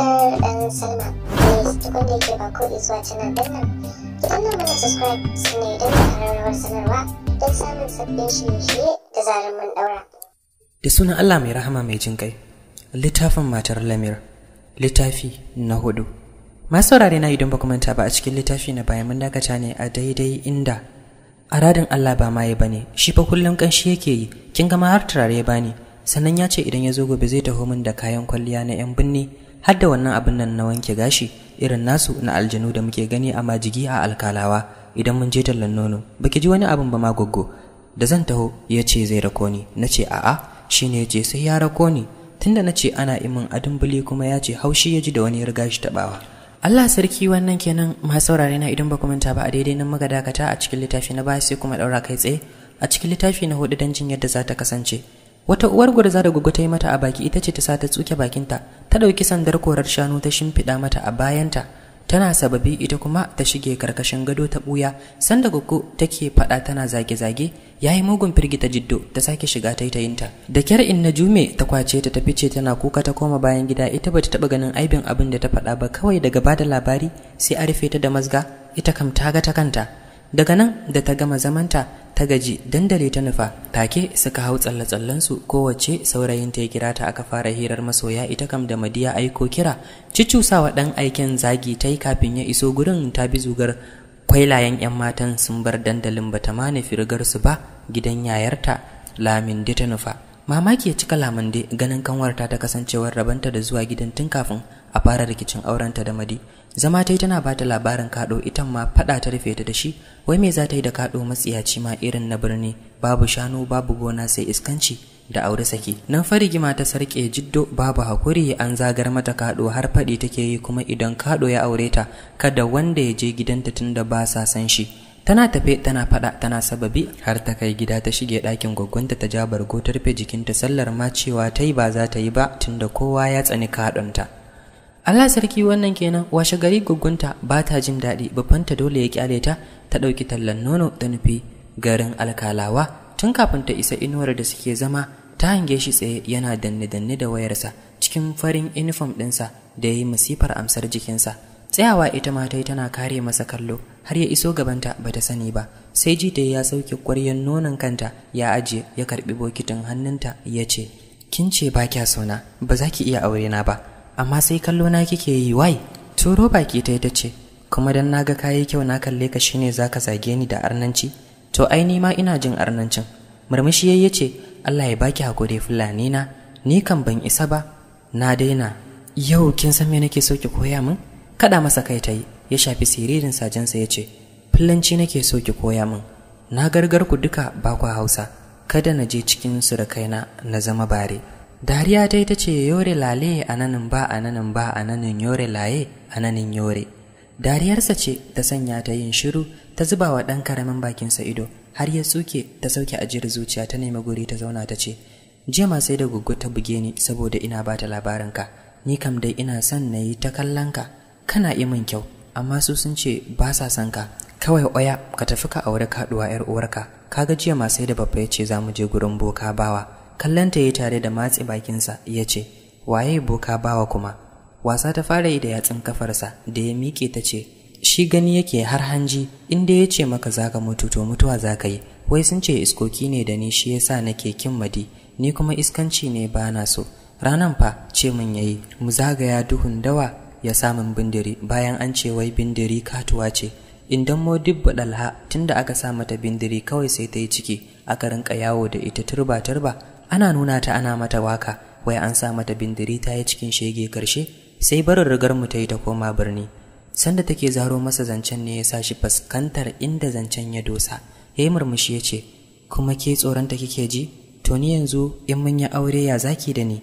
ta salma zuwa subscribe don da sanarwa don samun sabbin da sunan allah mai rahama mai jin kai littafin matar lamir littafi na hudu masu saurare na idan don manta ba a cikin littafi na bayan mun dakata ne a daidai inda aradin Allah ba ma maye ne shi fa kullun kanshi yake yi kin gama har turare bani sannan ya ce idan ya zo gobe zai taho min da kayan kwalliya na yan binni har wannan abin nan na wanke gashi irin nasu na aljanu da muke gani a majigi a alkalawa idan mun je tallan nono baki ji wani abin ba ma goggo da zan taho ya ce zai rako ni na ce a'a shi ya ce sai ya rako ni tunda na ce ana imin adumbuli kuma ya ce haushi ya ji da wani ya riga shi taɓawa Allah sarki wannan kenan masu saurare na idan ba ku manta ba a daidai nan muka dakata a cikin littafi na baya sai kuma daura kai tsaye a cikin littafi na hudu dan jin yadda za ta kasance wata uwar gurza da gugu ta yi mata a baki ita ce ta sa ta tsuke bakinta ta ɗauki sandar korar shanu ta shimfiɗa mata a bayanta tana sababi ita kuma ta shige karkashin gado ta ɓuya sanda gugu take faɗa tana zage-zage ya yi mugun firgita jiddo ta sake shiga taitayinta da kyar in na jume ta kwace ta tafi ce tana kuka ta koma bayan gida ita bata taɓa ganin aibin abin da ta faɗa ba kawai daga bada labari sai a rufe ta da mazga ita kam ta ga ta kanta daga nan da ta gama zamanta ta gaji dandali ta nufa take suka hau tsalle-tsallensu kowace saurayin ta kira ta aka fara hirar masoya ita kam da madiya aiko kira cicusawa ɗan aikin zagi ta yi kafin ya iso gurin ta bi zugar kwailayen 'yan matan sun bar dandalin bata ma nufi rigarsu ba gidan yayarta laminde ta nufa mamaki ya cika lamande ganin kanwarta ta kasancewar rabanta da zuwa gidan tun kafin a fara rikicin aurenta da madi zama ta yi tana ba ta labarin kaɗo itan ma faɗa ta rufe ta da shi wai me za ta yi da kaɗo matsiyaci ma irin na birni babu shanu babu gona sai iskanci da aure saki nan farigima ta sarke jiddo babu hakuri an zagar mata kaɗo har faɗi take yi kuma idan kaɗo ya aure ta kada wanda ya je gidanta tunda ba sa san shi tana tafe tana faɗa, tana sababi har ta kai gida ta shige ɗakin gwaggonta ta ja bargo ta rufe jikinta sallar ma cewa "Tai ba za ta yi ba tunda kowa ya tsani ta Allah sarki wannan kenan washe gari gugunta ba ta jin daɗi babbanta dole ya kyale ta ta ɗauki tallan nono da nufi garin alkalawa tun kafin ta isa inuwar da suke zama ta hange shi tsaye yana danne-danne da wayarsa cikin farin inifom ɗinsa da ya yi masifar amsar jikinsa tsayawa ita ma tai tana kare masa kallo har ya iso gabanta ta sani ba sai ji da ya sauke ƙwaryar nonon kanta ya ajiye ya karɓi bokitin hannunta ya ce kin ce ba kya sona ba za ki iya aure na ba amma sai kallo na kike yi wai turo baki ta ita ce kuma dan naga kayi kyau na kalle ka shine zaka zage ni da arnanci to ai ni ma ina jin arnancin murmushi yayi ce Allah ya baki hakuri fulani na ni kan ban isa ba na daina yau kin san me nake so ki koya min kada masa kai ta ya shafi siririn sajan ya yace fulanci nake so ki koya min na gargar ku duka ba ku hausa kada na je cikin surukaina na zama bare dariya ta ita ce yore lale ananin ba ananin ba ananin yore laye a nanin yore dariyarsa ce ta sanya ta yin shiru ta zuba wa ɗan karamin bakinsa ido har ya suke ta sauke ajiyar zuciya ta nemi guri ta zauna ta ce jiya ma sai da gugu ta buge ni saboda ina ba ta labarinka ni kam dai ina son na yi ta kallonka kana yi min kyau amma su sun ce ba sa son ka kawai oya ka tafi ka aure kaɗuwa yar uwarka kaga jiya ma sai da babba ya ce za mu je gurin boka bawa kallanta ya tare da matse bakinsa ya ce waye boka bawa kuma wasa ta fara yi da yatsun kafarsa da ya miƙe ta ce shi gani yake har hanji inda ya ce maka zaka mutu to mutuwa za ka yi wai sun ce iskoki ne da ni shi ya yasa na kin madi ni kuma iskanci ne ba na so ranan fa ce min yi. mu zagaya duhun dawa ya samun bindiri bayan an ce wai bindiri katuwa ce mo modibba dalha tunda aka sa mata bindiri kawai sai ta yi ciki aka rinka yawo da ita turba turba ana nuna ta ana mata waka wai an sa mata bindiri ta yi cikin shege karshe sai barin rigar mu ta yi ta koma birni sanda take zaro masa zancen ne ya sa shi fuskantar inda zancen ya dosa ya yi murmushi ya ce kuma ke tsoronta kike ji to ni yanzu in mun yi aure ya zaki da ni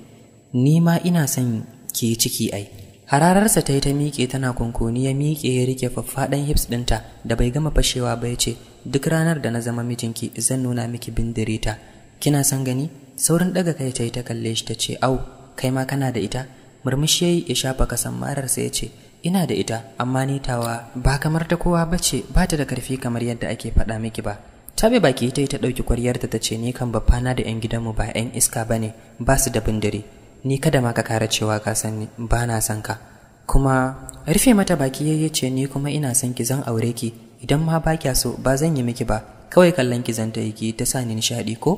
ni ma ina son ki yi ciki ai harararsa ta yi ta miƙe tana kunkuni ya miƙe ya rike faffaɗan hips ɗinta da bai gama fashewa ba ya ce duk ranar da na zama mijinki zan nuna miki bindirita kina san gani saurin daga kai ta yi ta kalle shi ta ce au kai ma kana da ita murmushi ya yi ya shafa kasan mararsa ya ce ina da ita amma ni tawa ba kamar ta kowa ba ce, ba ta da karfi kamar yadda ake faɗa miki ba ta baki ita ta ɗauki kwaryarta ta ce ni kan 'Babba, na da 'yan gidanmu ba 'yan iska ba ne ba su da bindiri ni kada ma ka kara cewa ka san ni ba na san ka kuma rufe mata baki yayye ce ni kuma ina san ki zan aure ki idan ma ba kya so ba zan yi miki ba kawai kallon ki zan ta yi ki ta sa ni nishaɗi ko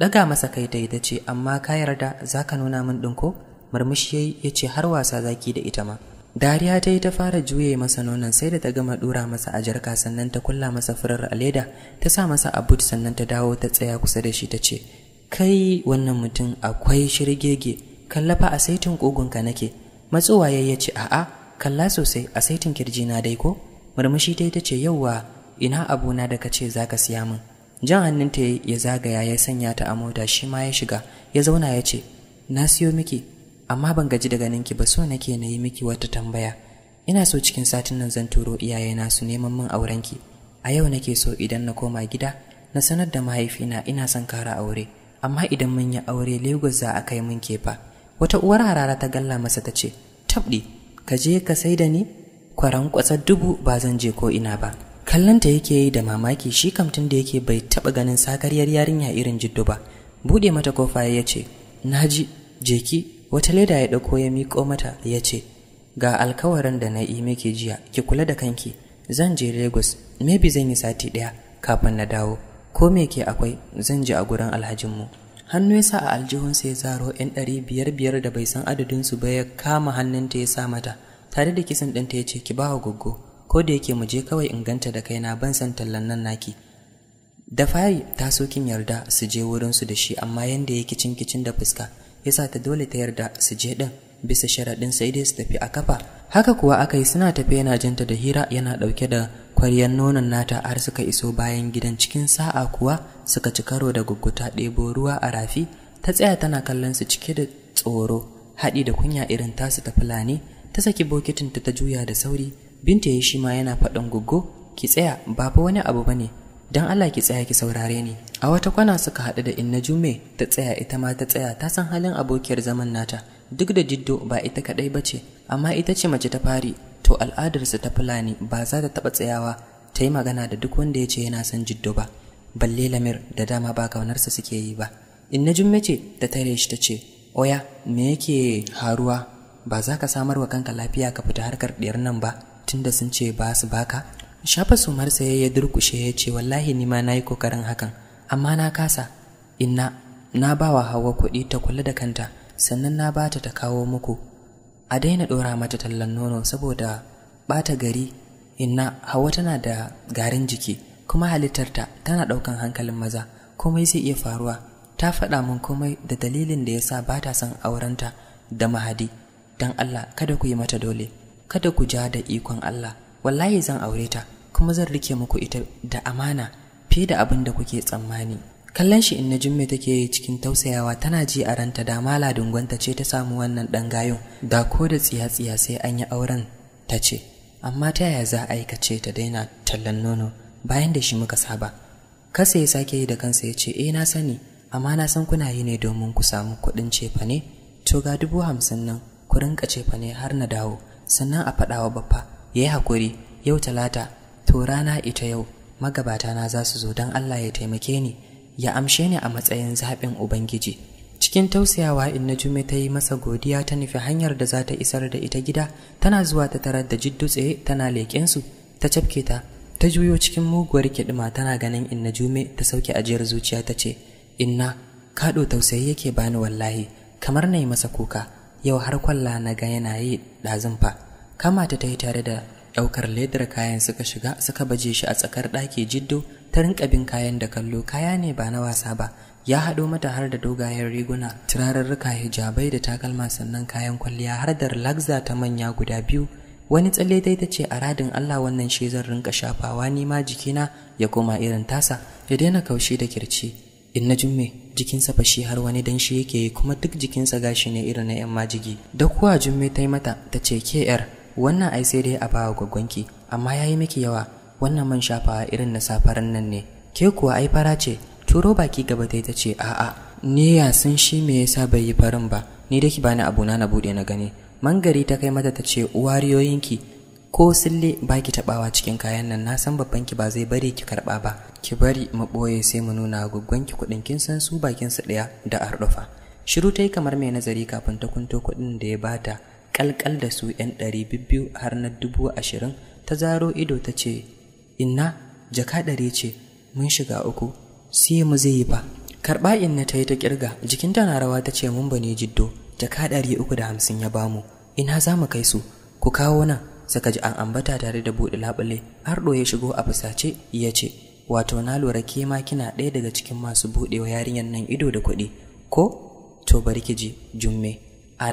daga masa kai ta da ce amma ka yarda za ka nuna min ɗin ko murmushi ya ya ce har wasa zaki da ita ma dariya ta yi ta fara juye masa nonon sai da ta gama ɗura masa a jarka sannan ta kulla masa furar a leda ta sa masa a but sannan ta dawo ta tsaya kusa da shi ta ce kai wannan mutum akwai shirgege kallafa a saitin ƙugunka nake matsowa ya ce a'a kalla sosai a saitin kirji na dai ko murmushi ta ce yauwa ina abuna da ka ce za ka siya min jan hannunta ya zagaya ya sanya ta a mota shi ma ya shiga ya zauna ya ce na siyo miki amma ban gaji da ninki ba so nake na yi miki wata tambaya ina so cikin satin nan zan turo iyayena su neman min aurenki a yau nake so idan na koma gida na sanar da mahaifina ina son kara aure amma idan mun yi aure Lagos za a kai mun kefa wata uwar harara ta galla masa ta ce tabɗi ka je ka sai da ni kwaran kwatsar dubu ba zan je ko ina ba kallon ta yake yi da mamaki shi kamtin da yake bai taɓa ganin sakaryar yarinya irin jiddu ba buɗe mata kofa ya ce naji jeki wata leda ya ɗauko ya miƙo mata ya ce ga alkawarin da na yi miki jiya ki kula da kanki zan je lagos maybe zan yi sati ɗaya kafin na dawo ko me ke akwai zan je a gurin alhajin mu? hannu ya sa a aljihunsa ya zaro 'yan ɗari biyar biyar da bai san su ba ya kama hannunta ya sa mata tare da kisan ɗinta ya ce ki bawa goggo ko da yake mu je kawai in ganta da kaina ban san tallan nan naki da fari ta so kin yarda su je wurin su da shi amma yanda yake kicin kicin da fuska yasa ta dole ta yarda su je din bisa sharaɗin sai dai su tafi a kafa haka kuwa aka yi suna tafi yana jinta da hira yana ɗauke da kwaryan nonon nata har suka iso bayan gidan cikin sa'a kuwa suka ci karo da gugguta ɗebo ruwa a rafi ta tsaya tana kallon su cike da tsoro haɗi da kunya irin tasu ta fulani ta saki bokitinta ta juya da sauri binta ya shi ma yana faɗin goggo ki tsaya ba wani abu bane dan Allah ki tsaya ki saurare ni a wata kwana suka haɗu da inna jume ta tsaya ita ma ta tsaya ta san halin abokiyar zaman nata duk da jiddo ba ita kaɗai ba ce amma ita ce mace ta fari to al'adarsa ta fulani ba za ta taɓa tsayawa ta yi magana da duk wanda ya ce yana son jiddo ba balle lamir da dama ba kaunarsa suke yi ba inna jume ce ta tare shi ta ce oya me yake haruwa ba za ka samar wa kanka lafiya ka fita harkar ɗiyar nan ba tunda sun ce ba su baka shafa sumar sai ya durkushe ya ce wallahi ni ma na nayi kokarin hakan amma na kasa inna na bawa hawa kuɗi ta kula da kanta sannan na bata ta kawo muku a daina ɗora mata tallan nono saboda ɓata gari inna hawa tana da garin jiki kuma halittarta tana ɗaukan hankalin maza komai zai iya faruwa ta faɗa min komai da dalilin da yasa ba ta son aurenta da mahadi don Allah kada ku yi mata dole kada ku ja da ikon Allah wallahi zan aure ta kuma zan rike muku ita da amana fiye da abin da kuke tsammani kallon shi inna jumme take cikin tausayawa tana ji a ranta da mala ta ce ta samu wannan dan gayon da ko da tsiya tsiya sai an yi auren ta ce amma ta yaya za a aikace ta daina tallan nono bayan da shi muka saba kasa ya sake yi da kansa ya ce eh na sani amma na san kuna yi ne domin ku samu kuɗin cefa ne to ga dubu hamsin nan ku rinka cefa ne har na dawo sannan a faɗawa baffa ya yi haƙuri yau talata to rana ita yau magabata na za su zo don Allah ya taimake ni ya amshe ni a matsayin zaɓin Ubangiji. Cikin tausayawa inna Jume ta yi masa godiya ta nufi hanyar da za ta isar da ita gida tana zuwa ta tarar da jiddu tsaye tana leƙensu ta cafke ta ta juyo cikin muguwar kiɗima tana ganin inna Jume ta sauke ajiyar zuciya ta ce inna kaɗo tausayi yake bani wallahi kamar na yi masa kuka yau har kwalla na ga yana yi ɗazun fa kamata ta yi tare da ɗaukar ledar kayan suka shiga suka baje shi a tsakar ɗaki jiddo ta rinka bin kayan da kallo kaya ne ba na wasa ba ya haɗo mata har da dogayen riguna turarurruka hijabai da takalma sannan kayan kwalliya har da laxa ta manya guda biyu wani tsalle dai ta ce a radin Allah wannan shi zan rinka shafawa ni ma jikina ya koma irin tasa ya daina kaushi da kirci in na jumme jikinsa fashi har wani dan shi yake yi kuma duk jikinsa gashi ne irin na yan majigi da kuwa jumme ta yi mata ta ce ke yar wannan ai sai dai a bawa gwaggwanki amma ya yi miki yawa wannan man shafawa irin na safaran nan ne ke kuwa ai fara ce turo baki gaba ta ta ce a'a ni ya san shi me yasa bai yi farin ba ni da ki bani abuna na bude na gani mangari ta kai mata ta ce uwariyoyinki ko sille baki taɓawa cikin kayan nan na san babban ki ba zai bari ki karɓa ba ki bari mu ɓoye sai mu nuna guggon ki kuɗin kin san su bakin su ɗaya da arɗufa shiru ta yi kamar mai nazari kafin ta kunto kuɗin da ya bata kalkal da su yan ɗari biyu har na dubu ashirin ta zaro ido ta ce inna jaka ɗari ce mun shiga uku sai mu zai yi ba karɓa inna ta yi ta kirga. jikin na rawa ta ce mun bane jiddo jaka ɗari uku da hamsin ya bamu ina za mu kai su ku kawo nan suka ji an ambata tare da buɗe labule har ya shigo a fusace ya ce wato na lura ke ma kina ɗaya daga cikin masu buɗewa yarinyar nan ido da kuɗi ko to bari ki ji jumme a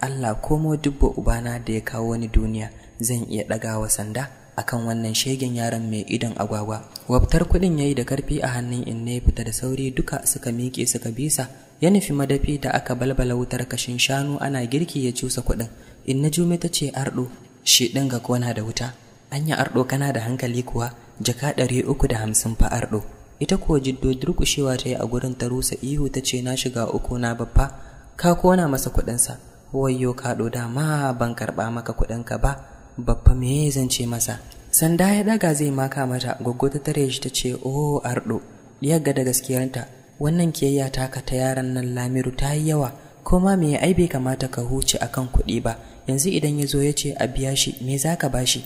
Allah ko mo dubbo ubana da ya kawo wani duniya zan iya ɗagawa sanda akan wannan shegen yaron mai idon agwagwa wabtar kuɗin yayi da karfi a hannun in ya fita da sauri duka suka miƙe suka bisa ya nufi madafi da aka balbala wutar kashin shanu ana girki ya cusa kuɗin inna jume ta ce arɗo shi ɗin ga kona da wuta An yi arɗo kana da hankali kuwa jaka ɗari uku da hamsin fa arɗo ita kuwa jiddo durƙushewa ta yi a gurin ta rusa ihu ta ce na shiga uku na babba ka kona masa kuɗinsa wayyo ka ɗo dama ban karɓa maka kuɗinka ba babba me zan ce masa sanda ya ɗaga zai maka mata goggo ta tare shi ta ce o arɗo ɗiyar ga da gaskiyarta wannan kiyayya taka ta yaran nan lamiru ta yi yawa ko me ai bai kamata ka huce akan kuɗi ba yanzu idan ya zo ya ce a biya shi me za ka ba shi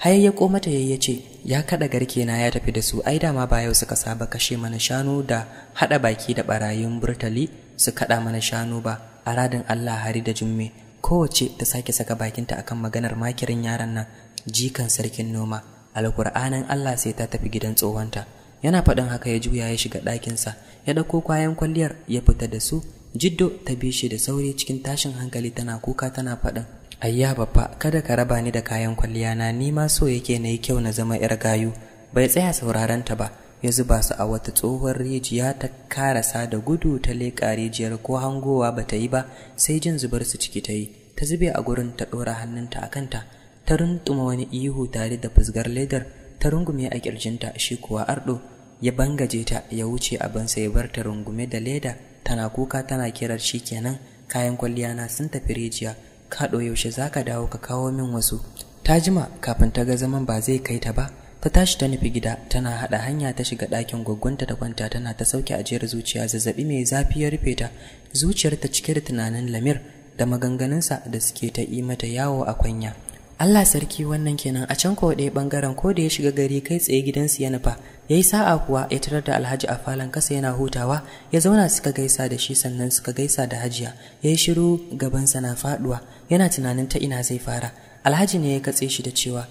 hayayyako mata ya ce ya kaɗa garke na ya tafi da su ai dama ba yau suka saba kashe mana shanu da haɗa baki da ɓarayin burtali su kaɗa mana shanu ba a radin Allah hari da jumme kowace ta sake saka bakinta akan maganar makirin yaran nan jikan sarkin noma alkur'anin Allah sai ta tafi gidan tsohonta yana faɗin haka ya juya ya shiga ɗakinsa ya ɗauko kwayan kwalliyar ya fita da su jiddo ta bishe da sauri cikin tashin hankali tana kuka tana faɗin Ayya baffa kada ka raba ni da kayan kwalliya na ni ma so yake na yi kyau na zama yar gayu bai tsaya sauraron ta ba ya zuba su a wata tsohuwar rijiya ta karasa da gudu ta leƙa rijiyar ko hangowa ba ta yi ba sai jin zubar su ciki ta yi ta zube a gurin ta ɗora hannunta a kanta ta runtuma wani ihu tare da fusgar ledar ta rungume a ƙirjinta shi kuwa arɗo ya bangaje ta ya wuce abansa ya bar ta rungume da leda tana kuka tana kirar shi kenan kayan kwalliya na sun tafi rijiya kaɗo yaushe za ka dawo ka kawo min wasu ta jima kafin ta ga zaman ba zai kai ta ba ta tashi ta nufi gida tana haɗa hanya ta shiga ɗakin gwaggwanta ta kwanta tana ta sauke ajiyar zuciya zazzaɓi mai zafi ya rufe ta zuciyar ta cike da tunanin lamir da maganganunsa da suke ta yi mata yawo a kwanya Allah sarki wannan kenan a can ko ɗaya ɓangaren ko da ya shiga gari kai tsaye gidansu ya nufa ya yi sa'a kuwa ya tarar da alhaji a falon kasa yana hutawa ya zauna suka gaisa da shi sannan suka gaisa da hajiya ya yi shiru gabansa na faɗuwa yana tunanin ta ina zai fara alhaji ne ya katse shi da cewa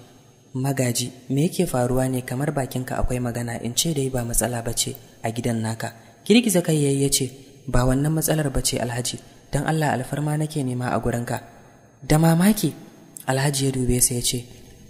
magaji me yake faruwa ne kamar bakinka akwai magana in ce dai ba matsala ba ce a gidan naka girgiza kai yayi ya ce ba wannan matsalar ba ce alhaji don allah alfarma nake nema a gurinka da mamaki alhaji ya dube sai ya ce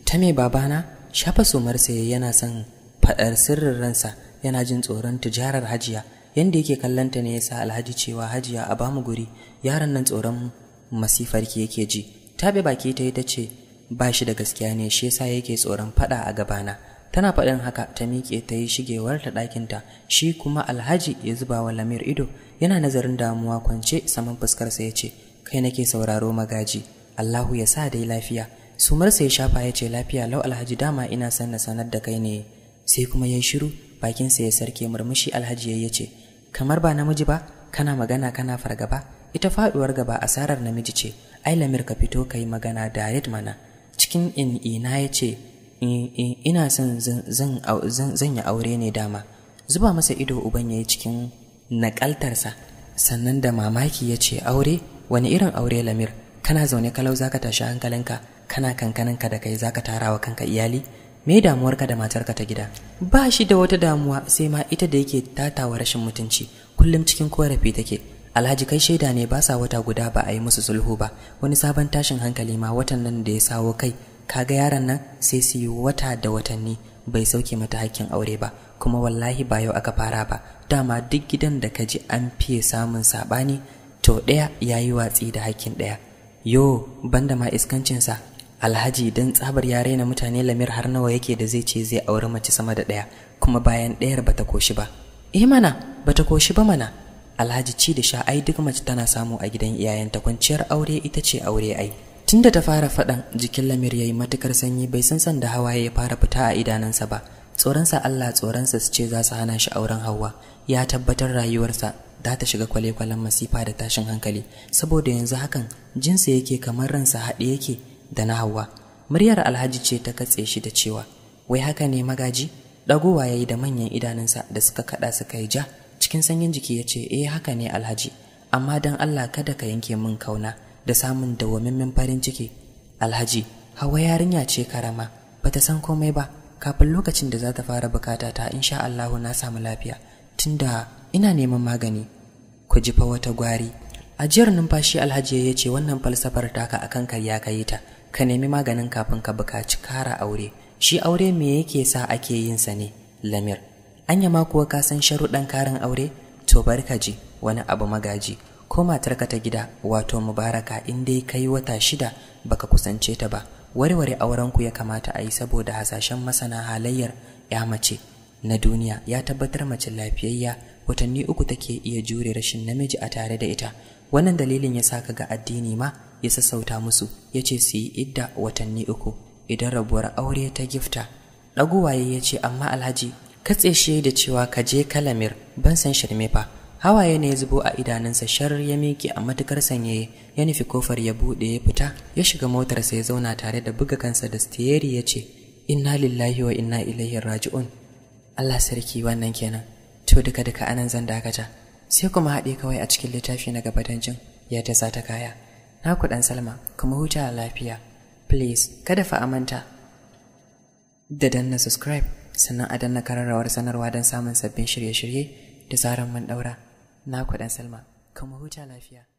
ta me babana shafa somar sa yana son faɗar sirrin ransa yana jin tsoron tijarar hajiya yanda yake kallanta ne yasa alhaji cewa hajiya a bamu guri yaron nan tsoron masifarki yake ji bi baki ta yi ta ce ba shi da gaskiya ne shi yasa yake tsoron faɗa a gabana tana faɗin haka ta miƙe ta yi shigewar ta ɗakinta shi kuma alhaji ya zuba wa lamir ido yana nazarin damuwa kwance saman fuskarsa ya ce kai nake sauraro magaji Allahu ya sa dai lafiya sumarsa ya shafa ya ce lafiya lau alhaji dama ina san na sanar da kai ne sai kuma ya shiru bakinsa ya sarke murmushi alhaji ya ce kamar ba namiji ba kana magana kana fargaba ita faɗuwar gaba asarar namiji ce ai lamir ka fito ka yi magana direct mana cikin in ina ya ce ina son zan yi aure ne dama zuba masa ido uban ya yi cikin nakaltarsa. sannan da mamaki ya ce aure wani irin aure lamir kana zaune kalau zaka tashi hankalinka kana kankaninka da kai zaka tara wa kanka iyali me damuwarka da matarka ta gida ba shi da wata damuwa sai ma ita da yake tatawa rashin mutunci kullum cikin korafi take alhaji kai shaida ne ba sa wata guda ba a yi musu sulhu ba wani sabon tashin hankali ma watan nan da ya sawo kai kaga yaran nan sai su yi wata da watanni bai sauke mata hakkin aure ba kuma wallahi ba yau aka fara ba dama duk gidan da ka ji an fiye samun saɓani to ɗaya ya yi watsi da hakkin ɗaya yo banda ma iskancinsa alhaji don tsabar ya raina mutane lamir har nawa yake da zai ce zai auri mace sama da ɗaya kuma bayan ɗayar bata koshi ba eh mana bata koshi ba mana alhaji ci da sha ai duk mace tana samu a gidan iyayenta kwanciyar aure ita ce aure ai tunda ta fara faɗan jikin lamir yayi matukar sanyi bai san san da hawaye ya fara fita a idanunsa ba tsoronsa allah tsoronsa su ce za su hana shi auren hawa ya tabbatar rayuwarsa za ta shiga kwale-kwalen masifa da tashin hankali saboda yanzu hakan jinsa yake kamar ransa haɗe yake da na hawa muryar alhaji ce ta katse shi da cewa wai haka ne magaji ɗagowa ya yi da manyan idanunsa da suka kaɗa suka yi ja cikin sanyin jiki ya ce eh haka ne alhaji amma don allah kada ka yanke min kauna da samun dawwamimmin farin ciki alhaji hawa yarinya ce karama bata san komai ba kafin lokacin da za ta fara bukata ta insha allahu na samu lafiya tunda ina neman magani ku jifa wata gwari ajiyar numfashi alhaji ya ce wannan falsafar taka akan karya ka yi ta ka nemi maganin kafin ka bukaci kara aure shi aure me yake sa ake yin sa ne lamir anya ma kuwa ka san sharuɗan karin aure to barka ji wani abu magaji ko matarka ta gida wato mubaraka in dai kai wata shida baka kusance ta ba warware aurenku ya kamata a yi saboda hasashen masana halayyar ya mace na duniya ya tabbatar mace lafiyayya watanni uku take iya jure rashin namiji a tare da ita wannan dalilin ya sa ga addini ma ya sassauta musu ya ce su yi idda watanni uku idan rabuwar aure ta gifta ɗaguwaye ya ce amma alhaji katse shi da cewa ka je kalamir ban san shirme fa hawaye ne ya zubo a idanunsa shar ya miƙe a matukar sanyaye ya nufi kofar ya buɗe ya fita ya shiga motarsa ya zauna tare da buga kansa da steri ya ce inna lillahi wa inna ilaihi raji'un Allah sarki wannan kenan to duka duka anan zan dakata sai kuma haɗe kawai a cikin littafi na gaba dan jin yadda za ta kaya na ku ɗan salma kuma huta lafiya please kada fa amanta da danna subscribe sannan a danna kararrawar sanarwa don samun sabbin shirye-shirye da zaran mun ɗaura na ku ɗan salma kuma huta lafiya